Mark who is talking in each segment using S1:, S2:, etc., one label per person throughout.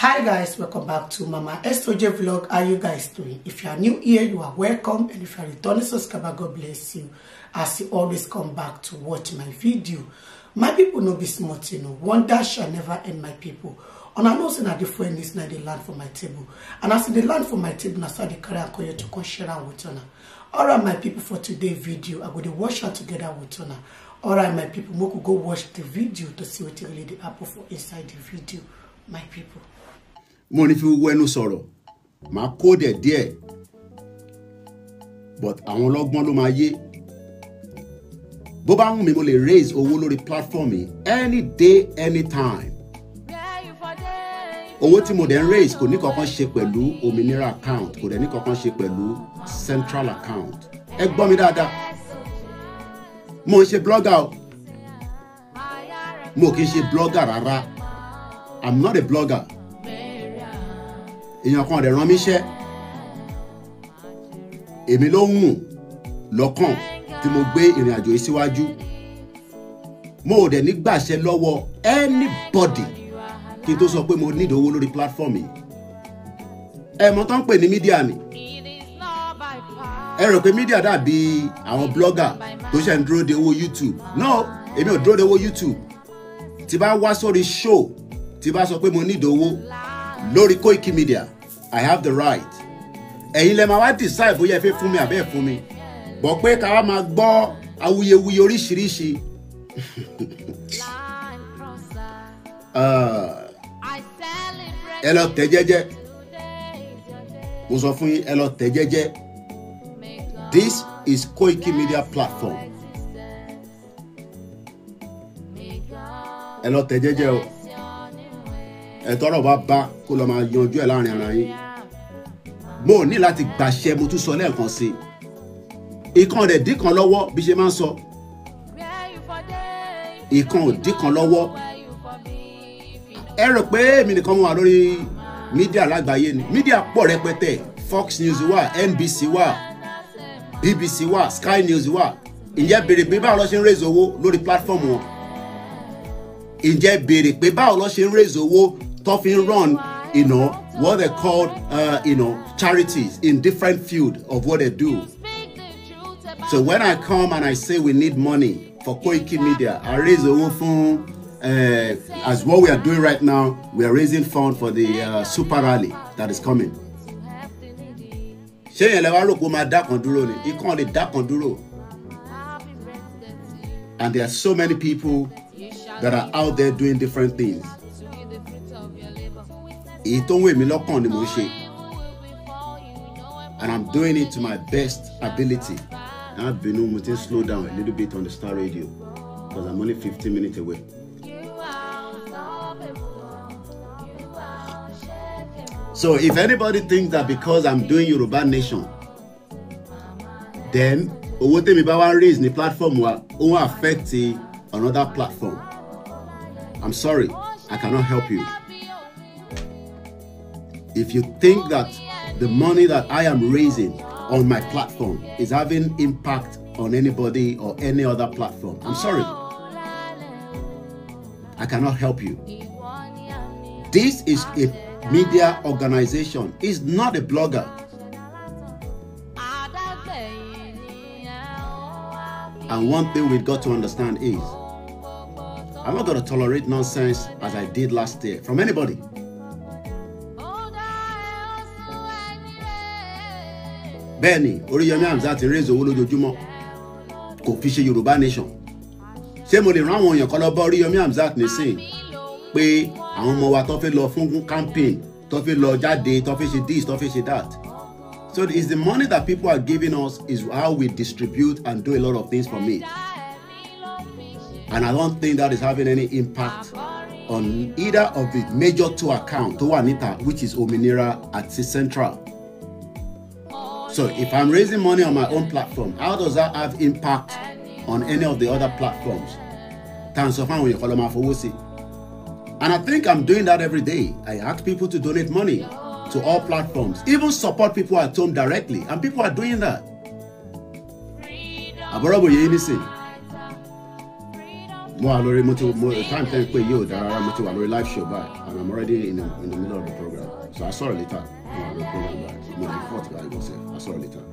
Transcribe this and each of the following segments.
S1: hi guys welcome back to mama soj vlog how you guys doing if you are new here you are welcome and if you are returning subscriber god bless you as you always come back to watch my video my people no be smart, you know wonder shall never end my people and i know say na the friends na dey land for my table and as dey land for my table na so the dey carry am come to come share am with una alright my people for today's video i go to wash am together with All right, my people make we go watch the video to see what really the apple for inside the video my people mo ní fi wú ẹnu sọ̀rọ̀ màá kó dẹ̀ díẹ̀ but àwọn ọlọ́gbọ́n ló máa yé bó bá wù mí mo lè raise owó lórí platform yìí any day any time owó tí mo dẹ̀ ń raise kò ní kankan ṣe pẹ̀lú òmìnira account kò dẹ̀ ní kankan ṣe pẹ̀lú central account ẹ gbọ́ mi dáadáa mo ń ṣe blogger o mo kì í ṣe blogger rárá i'm not a blogger èèyàn kan rẹ̀ rán mi iṣẹ́ èmi ló ń wù lọ́kàn tí mo gbé ìrìn àjò yìí síwájú mo ò dẹ̀ nígbàṣẹ lọ́wọ́ anybody kí n tó sọ pé mo ní ìdówó lórí platform yìí ẹ mọ̀ tán ń pè ní mídíà mi ẹ rò pé mídíà dàbí àwọn blogger tó ṣe ń dúró de owó YouTube no èmi ò dúró de owó YouTube tí bá wá sórí show tí bá sọ pé mo ní ìdówó lórí Koiki Media i have the right ẹ̀yin lẹ máa wá decide bóyá ẹ fẹ́ fún mi àbẹ́ ẹ̀ fún mi bọ̀ pé ká wá máa gbọ́ awuyewuye oríṣiríṣi ẹ lọ tẹ̀ jẹ́jẹ́ mo sọ fún yín ẹ lọ tẹ̀ jẹ́jẹ́ this is Koiki Media platform ẹ lọ tẹ̀ jẹ́jẹ́ o ẹ̀tọ́rọ̀ bá bá kó lọ́ọ́ máa yanjú ẹ̀ láàrin ara yín mo ní láti gbàṣẹ mo tún sọ lẹ́ẹ̀kan sí i ìkan rẹ̀ dín kan lọ́wọ́ bí ṣe máa ń sọ ìkan ò dín kan lọ́wọ́ ẹ rò pé èmi nìkan mo wà lórí mídíà lágbàáyé ni mídíà pọ̀ rẹpẹtẹ Fox News wà NBC wà BBC wà Sky News wà ìyẹn béèrè pé báwo lọ ṣe ń raise owó lórí platform wọn ìjẹ́ béèrè pé báwo lọ ṣe ń raise owó often run, you know, what they call, uh, you know, charities in different field of what they do. So when I come and I say we need money for Koiki Media, I raise a whole fund. Uh, as what we are doing right now, we are raising fund for the uh, super rally that is coming. ṣé yẹn lè wá rò máa dá kan dúró ni ikán lè dá kan dúró and there are so many people that are out there doing different things èyí tó ń wè mí lọ́kàn ni mo ṣe and i'm doing it to my best ability now binu mo ti slow down a little bit on the star radio because i'm only fifteen minutes away. So if anybody thinks that because I'm doing Yoruba Nation, then owó tèmi bá wá raise ní platform wa ó wá affect another platform. I'm sorry, I cannot help you. if you think that the money that I am raising on my platform is having impact on anybody or any other platform, I'm sorry. I cannot help you. This is a media organization, it's not a blogger. And one thing we've got to understand is I'm not going to tolerate nonsense as I did last year from anybody. bẹ́ẹ̀ ni Oríyọmí Hamzat ti ń rèézò owó lójoojúmọ́ kò fi ṣe Yorùbá nation ṣé mo lè rán àwọn èèyàn kan lọ bá Oríyọmí Hamzat nísìn pé àwọn ọmọ wa tó fẹ́ lọ fún campaign tó fẹ́ lọ jáde tó fẹ́ ṣe this tó fẹ́ ṣe that so it's the money that people are giving us is how we distribute and do a lot of things for me. and I don't think that is having any impact on either of the major two accounts tó wà níta which is Òmìnira àti Central. So if I'm raising money on my own platform, how does that have impact on any of the other platforms? And I think I'm doing that every day. I ask people to donate money to all platforms, even support people at home directly, and people are doing that. àbọ̀rọ̀bọ̀ ye ni sin. mo wà lórí mo mo time ten pé yóò darara rárá mo lori wà live show báyìí and I'm already in the, in the middle of the program so I saw it later kan lọ́pọ̀ lọ́gbà mo lè fọ́ ọ̀tí láì gbọ́sẹ̀ á sọ̀rọ̀ later.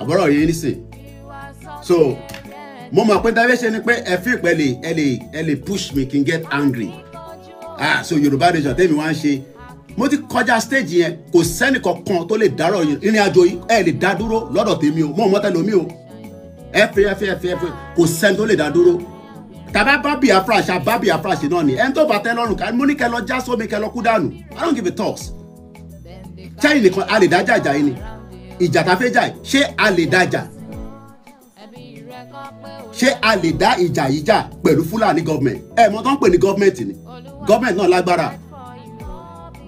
S1: àbọ̀rọ̀ yìí so mo mọ̀ pé dábẹ́ ṣe ni pé ẹ fi ìpẹ́ lè ẹ lè ẹ lè push me kí n get angry ah so Yorùbá nation tẹ́mi wá ń ṣe mo ti kọjá stage yẹn kò sẹ́nì kankan tó lè dárọ̀ ìrìn àjò yìí ẹ lè dá dúró lọ́dọ̀ tèmi o mọ̀ mọ́tẹ́ lomi o ẹ fi ẹ fi ẹ fi ẹ fi kò sẹ́ni tó lè dá dúró tàbá bá Biafra ṣá bá náà ni ẹni tó bá tẹ́ lọ́rùn ká mo ní kẹ lọ já sómi kẹ lọ kú dànù I don't give a toss ṣáyìn nìkan a lè dájà jà ni ìjà tá a fẹ́ jà yìí ṣé a lè dá jà ṣé a lè dá ìjà yìí jà pẹ̀lú fúlàní gọ́ọ̀mẹ̀ntì ẹ mọ tó pè ní gọ́ọ̀mẹ̀ntì ni gọ́ọ̀mẹ̀ntì náà lágbára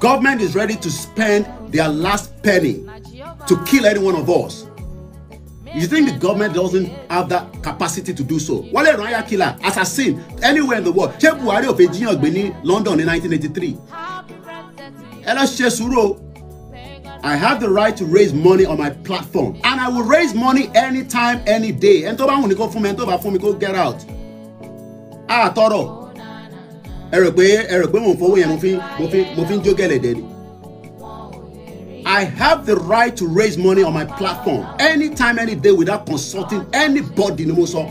S1: government is ready to spend their last penny to kill any one of us you think the government doesn't have that capacity to do so wọ́n lè rán aya killer assassin anywhere in the world ṣé buhari ò fẹ́ jiyàn gbé ní london ní 1983 ẹ lọ ṣe sùúrù o I have the right to raise money on my platform and I will raise money anytime any day ẹni tó bá wù ní kó fún mi get out Ah, toro. rò pé mo rò pé mo fi mo fi mo fin ń jó gẹ̀lẹ̀dẹ̀ I have the right to raise money on my platform anytime any day without consulting anybody ni mo sọ.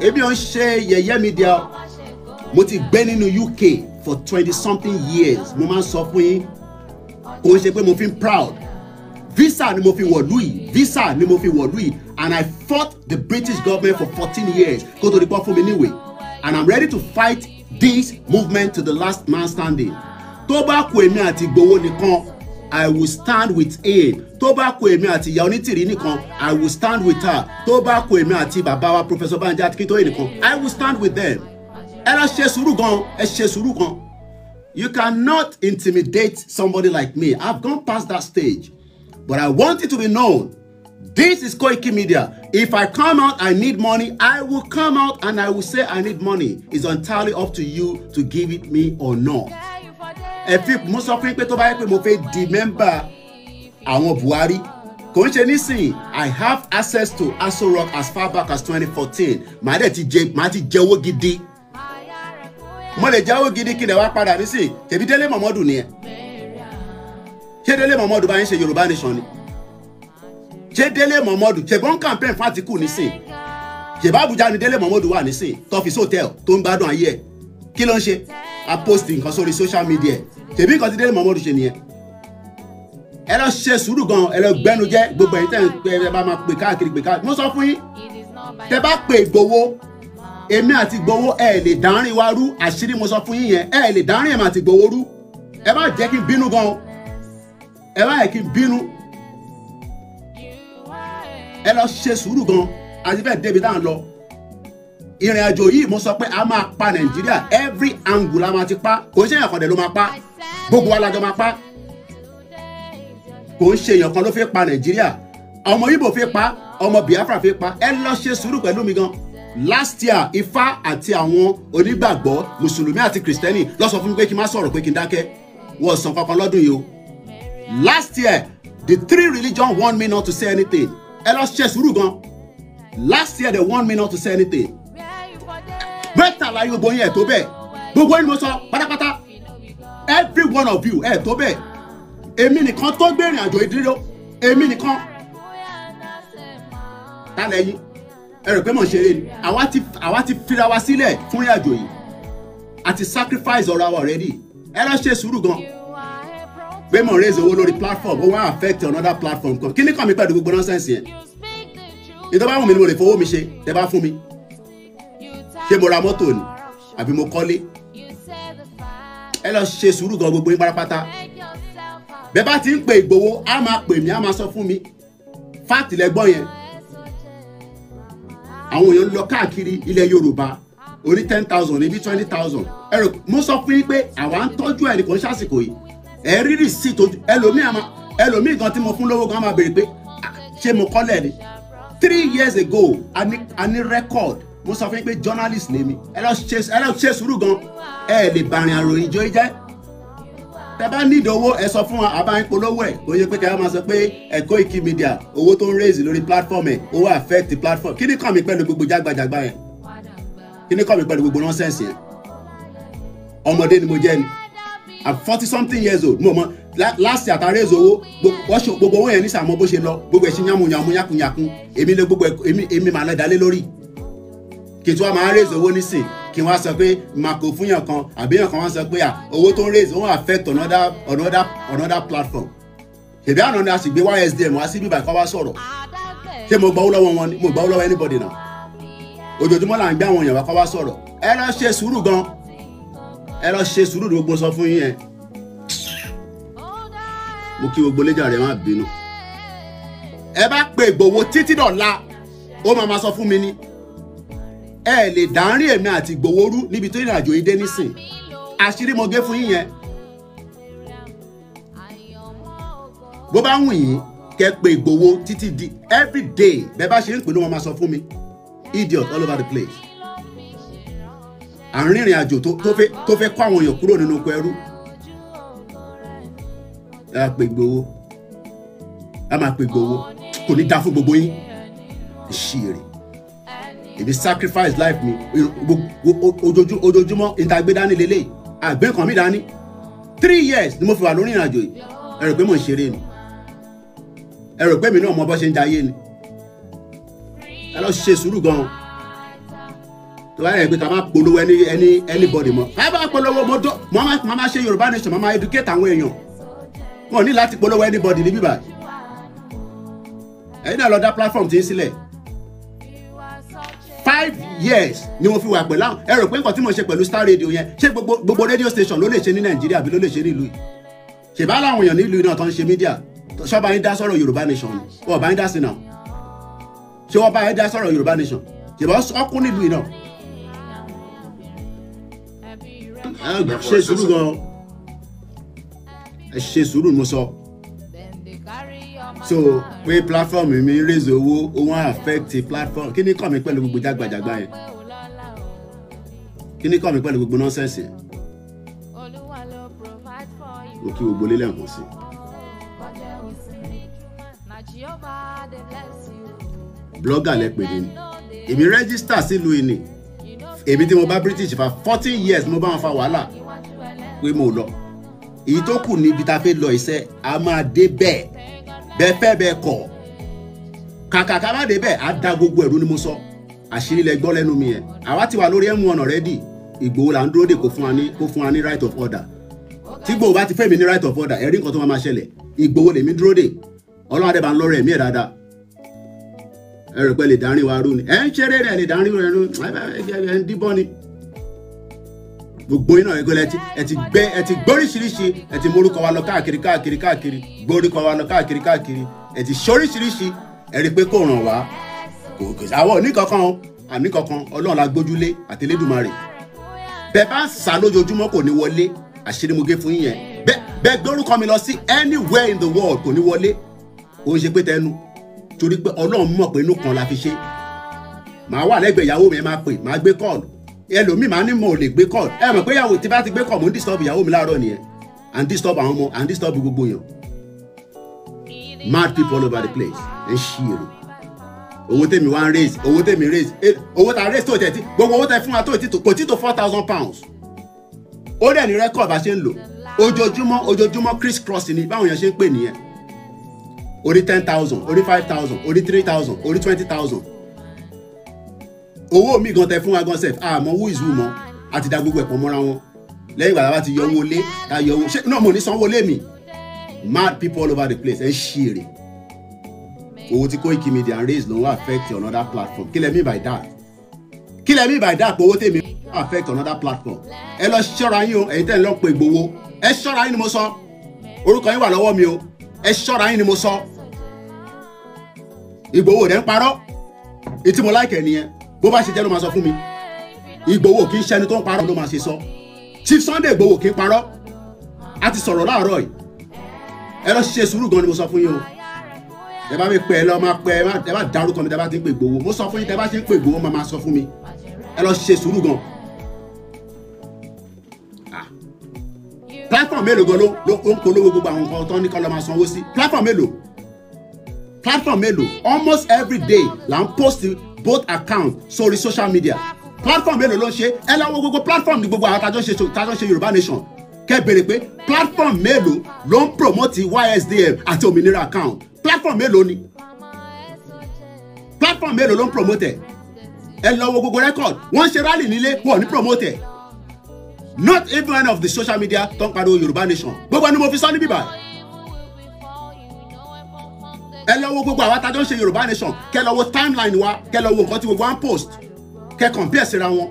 S1: èmi ò ń ṣe yẹ̀yẹ́ media mo ti gbé nínú UK for twenty something years mo máa ń sọ fún yín kò ń ṣe mo fi proud visa ni mo fi wọ̀lú yìí visa ni mo fi wọ̀lú yìí and I fought the British government for fourteen years kó tó di pọ́ mi níwèé and I'm ready to fight this movement to the last man standing tó bá kù èmi àti gbowó nìkan I will stand with him tó bá kù èmi àti ìyá onítìrí nìkan I will stand with her tó bá kù èmi àti bàbá wa Professor Banji Akintoye nìkan I will stand with them ẹ lọ ṣe sùúrù gan ẹ ṣe sùúrù gan You cannot intimidate somebody like me. I've gone past that stage. But I want it to be known. This is Koiki Media. If I come out, I need money, I will come out and I will say I need money. It's entirely up to you to give it me or not. If fi mo sọ fún yín pé tó bá yẹ pé mo fẹ́ di mẹ́mbà àwọn Buhari kò I have access to Aso Rock as far back as 2014 My daddy, my daddy, màá ti jẹ gidi mo lè jáwó gidi kí lè wá padà ní sí tèmi délé mọ̀mọ́dù nìyẹn ṣé délé mọ̀mọ́dù bá ń ṣe yorùbá nation ni ṣé délé mọ̀mọ́dù ṣègbọ́n campaign fún àtìkù ní sí ṣèbá àbújá ni délé mọ̀mọ́dù wà ní sí tọ́fíìsì hòtẹ́ẹ̀l tó ń gbádùn ayé ẹ̀ kí ló ń ṣe a post nǹkan sórí social media tèmi nǹkan ti délé mọ̀mọ́dù ṣe nìyẹn ẹ lọ ṣe sùúrù gan ẹ lọ gbẹnu jẹ gbogbo ẹ̀yin tẹ ẹ bá máa pè káàkiri pè káàkiri mo sọ fún yín tẹ bá pè Ìgbòho èmi àti gbowó ẹ lè dánrin wa rú àṣírí mo sọ fún yín yẹn ẹ lè dánrin èmi àti gbowó rú ẹ má jẹ́ kí n bínú gan ẹ má yẹ kí n bínú ẹ lọ ṣe sùúrù gan àti bẹ́ẹ̀ débi tá à ń lọ ìrìn àjò yìí mo sọ pé a máa pa nàìjíríà every angle la máa ti pa kò ń ṣe èèyàn kan dẹ̀ ló máa pa gbogbo wa la jọ máa pa kò ń ṣe èèyàn kan ló fi pa nàìjíríà ọmọ ibo fi pa ọmọ Biafra fi pa ẹ lọ ṣe sùúrù pẹ̀lú mi gan last year ifá àti àwọn onígbàgbọ́ mùsùlùmí àti kìrìsìtẹ́nì ló sọ fún mi pé kí n má sọ̀rọ̀ pé kí n dákẹ́ wọ́n san kankan lọ́dún yìí o last year the three religions warned me not to say anything ẹ lọ ṣe sùúrù gan last year they warned me not to say anything bẹ́ẹ̀ta la yóò bọyìn ẹ̀ tó bẹ́ẹ̀ gbogbo ẹni mo sọ pátápátá every one of you ẹ̀ tó bẹ́ẹ̀ èmi nìkan tó gbé ìrìn àjò ìdúró èmi nìkan tá lẹ́yìn ẹ rò pé mò ń ṣeré ni àwa ti fira wa sílẹ̀ fún ìrìn àjò yìí àti sacrifice ọ̀rọ̀ wa already ẹ lọ ṣe sùúrù gan pé mò ń raise owó lórí platform ó wá affect another platform kan kí ni kàn mí pẹ̀lú gbogbo nonsense yẹn ìjọba wù mí ni mo lè fowó mi ṣe tẹ bá fún mi ṣé mo ra mọ́tò ni àbí mo kọ́lé ẹ lọ ṣe sùúrù gan gbogbo yín pátápátá bẹ́ẹ̀ bá ti ń pè Ìgbòho á máa pè mí á máa sọ fún mi fáàtì lẹ́gbọ́n yẹn àwọn èèyàn ń lọ káàkiri ilẹ̀ yorùbá orí ten thousand ibi twenty thousand ẹ̀rọ mo sọ fún yín pé àwa ń tọ́jú ẹnì kan ṣàsìkò yìí ẹ̀ rí receipt ẹlòmíì àmà ẹlòmíì gan tí mo fún lówó gan máa béèrè pé ah, ṣé mo kọ́lẹ̀ ni three years ago a ní record mo sọ fún yín pé journalist ni mi ẹ lọ ṣe sùúrù gan ẹ lè bàrìn àròyìn jọ jẹ́ tẹ́bá nídìí owó ẹ sọ fún wa àbáyín polówó ẹ̀ kò yẹ pé kẹ́hìn máa sọ pé ẹ̀kọ́ ìkí media owó tó ń raise lórí platform ẹ̀ owó affect platform kí ni kàn mí pẹ̀lú gbogbo jágbajàgba yẹn kí ni kàn mí pẹ̀lú gbogbo nonsense yẹn ọmọdé ni mo jẹ́ ni i'm forty something years old mo mọ last year ta raise owó gbogbo owó yẹn ní sàmọ́ bó ṣe lọ gbogbo ẹ̀ṣin yàmù yàmù yàkùnyàkùn èmi lè gbogbo èmi màá lọ dálé lórí kìtù wa máa raise owó nísìnyí kí wọ́n á sọ pé màkò fún yàn kan àbí yàn kan wọ́n á sọ pé owó tó ń raise won affect another another another platform ṣèbí àná ni a sì gbé ysdm wá sí bíbá ìkọ́ wá sọ̀rọ̀ ṣé mo gbọ́ lọ́wọ́ wọn mo gbọ́ lọ́wọ́ anybody náà ojoojúmọ́ là ń gbé àwọn èèyàn wá kọ́ wá sọ̀rọ̀ ẹ lọ ṣe sùúrù gan ẹ lọ ṣe sùúrù ni gbogbo sọ fún yín yẹn mo kí gbogbo léjà rẹ má bínú ẹ bá pe Ìgbòho títí dọ̀la ó máa ma sọ fún mi ni ẹ lè dánrí èmi àti ìgbòwórú níbi tó ìrìnàjò yìí dé nísìn àṣírí mo gé fún yín yẹn bó bá wù yín kẹ pé ìgbòho títí di everyday bẹ́ẹ̀ bá ṣe ń pè ní wọn máa sọ fún mi idiot all over the place à ń rìnrìn àjò tó fẹ́ kó àwọn èèyàn kúrò nínú oko ẹrú ẹ máa pè gbowó ẹ máa pè gbowó kò ní dáa fún gbogbo yín ṣíire èdè sacrifice life mi ojoojúmọ́ ìtagbédání lélẹ̀ àgbẹ̀ kan mi dání three years ni mo fi wà lórí ìrìnàjò yìí ẹ rò pé mò ń ṣeré ni ẹ rò pé mi náà mọ bó ṣe ń jayé ni ẹ lọ ṣe sùúrù gan-an tó bá yẹ pé ká má polówó ẹni ẹni anybody mọ ká má polówó mo tó mo má má ṣe Yorùbá nation mo má educate àwọn èèyàn wọn ò ní láti polówó anybody níbí báyìí ẹ̀yin náà lọ dá platform tí ń sílẹ̀ yes ni mo fi wà pẹ̀lú àwọn ẹ rò pé nǹkan tí mo ṣe pẹ̀lú star radio yẹn ṣé gbogbo radio station ló lè ṣe ní nàìjíríà àbí ló lè ṣe ní ìlú yìí ṣèbá làwọn èèyàn nílùú náà tó ń ṣe mídíà ṣọba yín dá sọ̀rọ̀ yorùbá nation ni wọn bá yín dá sí náà ṣé wọn bá yín dá sọ̀rọ̀ yorùbá nation ṣèbá ọkùn nílùú náà. ṣe sùúrù gan ẹ ṣe sùúrù mo sọ. So so pé platform mi raise owó ó wọ́n affect platform kí ni kàn mí pẹ̀lú gbogbo jágbàjàgbà yẹn kí ni kàn mí pẹ̀lú gbogbo nọ́sẹ̀sì yẹn mo kí gbogbo lélẹ̀ mọ̀ sí. blọ́gà lẹ pè mí èmi rẹ́gísítà sílùú ìní èmi tí mo bá british fa fourteen years mo bá wọn fa wàhálà pé mo lọ èyí tó kù níbi tá a fẹ́ lọ iṣẹ́ a máa dé bẹ́ẹ̀ bẹ́ẹ̀ fẹ́ bẹ́ẹ̀ kọ̀ kàkà ká má débẹ̀ á da gbogbo ẹ̀rú ni mo sọ àṣírí lẹ gbọ́ lẹ́nu mi yẹn àwa ti wà lórí ẹ̀mú ọ̀nà rẹ́dì Ìgbòho là ń dúró dè kó fún wa ní kó fún wa ní right of order tí Ìgbòho bá ti fẹ́ mi ní right of order ẹ̀rí nǹkan tó máa máa ṣẹlẹ̀ Ìgbòho lèmi dúró dè Ọlọ́run adé bá ń lọ́rọ̀ ẹ̀mí ẹ̀ dáadáa ẹ̀rọ pẹ́ lè dárin wa rú ni ẹ̀ ń ṣeré rẹ̀ lè dárin rẹ̀ rú ẹ̀ ń díbọ́ ni gbogbo iná ẹgbẹ́ lẹ́tí ẹ ti gbé ẹ ti gbóríṣiríṣi ẹ ti morúkọ wa lọ káàkiri káàkiri káàkiri gbórúkọ wa lọ káàkiri káàkiri ẹ ti ṣoríṣiríṣi ẹ rí i pé kò ràn wá kò kò sáwọ́ oníkankan o àníkankan ọlọ́run la gbójúlé àti Elédùmarè bẹ́ẹ̀ bá ń sá lójoojúmọ́ kò ní wọlé àṣírí mo gé fún yín yẹn bẹ́ẹ̀ gbórúkọ mi lọ sí anywhere in the world kò ní wọlé ó ń ṣe pé tẹnu torí pé ọlọ́run mọ̀ pé inú kan la fi ṣe màá wà lẹ́gbẹ̀ẹ́ ìyàwó mi ẹ máa pè màá gbé kọ́ọ̀lù ẹlòmíì máa ní mo ò lè gbé call ẹ mọ̀ pé ìyàwó tí bá ti gbé call mo ń disturb ìyàwó mi láàárọ̀ nìyẹn and disturb àwọn ọmọ and disturb gbogbo yàn mad people all over the place ẹ ṣí èrò owó tèmi wá ń raise owó tèmi raise owó ta raise tó tẹ̀tí gbogbo owó tẹ fún wa tó títò kò títò four thousand pounds ó dẹ̀ ní rẹ́kọ̀d bá ṣe ń lò ojoojúmọ́ ojoojúmọ́ criss cross ni báwọn yẹn ṣe ń pè nìyẹn orí ten thousand orí five thousand orí three thousand orí twenty thousand owó mi gan tẹ fún wa gan sef àmọ́ who is who mọ́ àti da gbogbo ẹ̀pọ̀ mọ́ra wọn lẹ́yìn ìgbà tá a bá ti yọ owó lé tá a yọ owó ṣé náà mo ní sanwó lé mi mad people all over the place ẹ ṣí èrè owó tí Koiki and raise ló ń affect another platform kí lẹ mean by that kí lẹ mean by that owó tèmi affect another platform ẹ lọ ṣọ́ra yín o ẹ̀yin tẹ́ ẹ lọ pe Ìgbòho ẹ ṣọ́ra yín ni mo sọ orúkọ yín wà lọ́wọ́ mi o ẹ ṣọ́ra yín ni mo sọ Ìgbòho rẹ̀ ń parọ́ ìtí mo láìkẹ́ nìyẹn bó bá ṣe jẹ́ ló máa sọ fún mi Ìgbòho kì í ṣẹni tó ń parọ́ ló máa ṣe sọ Chief Sunday Ìgbòho kì í parọ́ a ti sọ̀rọ̀ láàárọ̀ yìí ẹ lọ sùúrù gan ni mo sọ fún yín o ẹ bá mi pẹ́ ẹ lọ máa pẹ́ ẹ bá dárúkọ mi tẹ bá ti ń pè Ìgbòho mo sọ fún yín tẹ bá ṣe ń pè Ìgbòho máa sọ fún mi ẹ lọ sùúrù gan platform mélòó gan ló ń polówó gbogbo àwọn nǹkan tó ní kọ́ lọ́ máa sanwó sí platform mélòó platform mélòó almost every day là ń post both accounts sorry, social media platform mélòó ló ń ṣe ẹ lọ́wọ́ gbogbo platform ní gbogbo àwọn tájọ́ ṣe tájọ́ ṣe yorùbá nation kẹ́ béèrè pé platform mélòó ló ń promote ysdf àti òmìnira account platform mélòó ni platform mélòó ló ń promote ẹ̀ ẹ lọ́wọ́ gbogbo record wọ́n ṣe rally nílé wọ́n ní promote ẹ̀ not even one of the social media tó ń pariwo yorùbá nation gbogbo ẹni mo fi sọ ní bíbá ẹ lọ wo gbogbo àwọn atajọ́ ń ṣe yorùbá nation kẹ lọ wo timeline wa kẹ lọ wo nǹkan tí gbogbo wa ń post kẹ compare síra wọn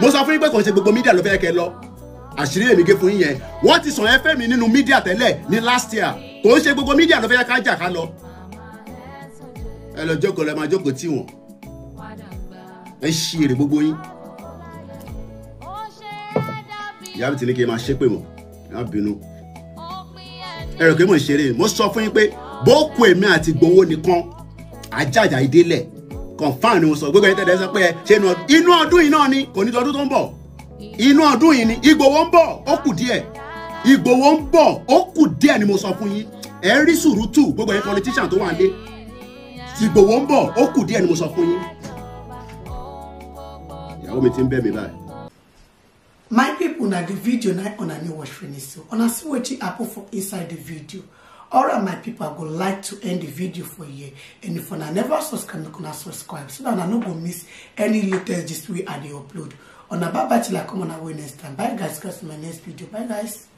S1: mo sọ fún yín pé kò ń ṣe gbogbo media ló fẹ́ kẹ lọ àṣírí èmi gé fún yín yẹn wọ́n ti sàn ẹ́ fẹ́ mi nínú media tẹ́lẹ̀ ní last year kò ń ṣe gbogbo media ló fẹ́ ká jà ká lọ ẹ lọ jókòó lẹ máa jókòó tí wọn ẹ ṣí èrè gbogbo yín ìyá mi ti ní kí n máa ṣépè mọ́ ẹ má bínú ẹ rò pé mò ń ṣeré mo sọ fún yín pé bókù èmi àti gbowó nìkan ajájà ìdílẹ̀ confam ni mo sọ gbogbo ẹni tẹ́lẹ̀ sọ pé ṣé inú ọdún yìí náà ni kò ní lọ́dún tó ń bọ̀ inú ọdún yìí ni Ìgbòho ń bọ̀ ó kù díẹ̀ Ìgbòho ń bọ̀ ó kù díẹ̀ ni mo sọ fún yín ẹ rí sùúrùtù gbogbo ẹni politician tó wà lé Ìgbòho ń bọ̀ ó kù díẹ̀ ni mo sọ fún yín ìyàwó mi ti ń bẹ̀ mí báyìí. my people na the video na una new watch finish so una see wetin happen for inside the video alright my people. i would like to end the video for you. and if una never subscribe make una subscribe so that una don't go miss any latest gist wey i the upload On a bye bye till i come on our next time bye guys catch my next video bye guys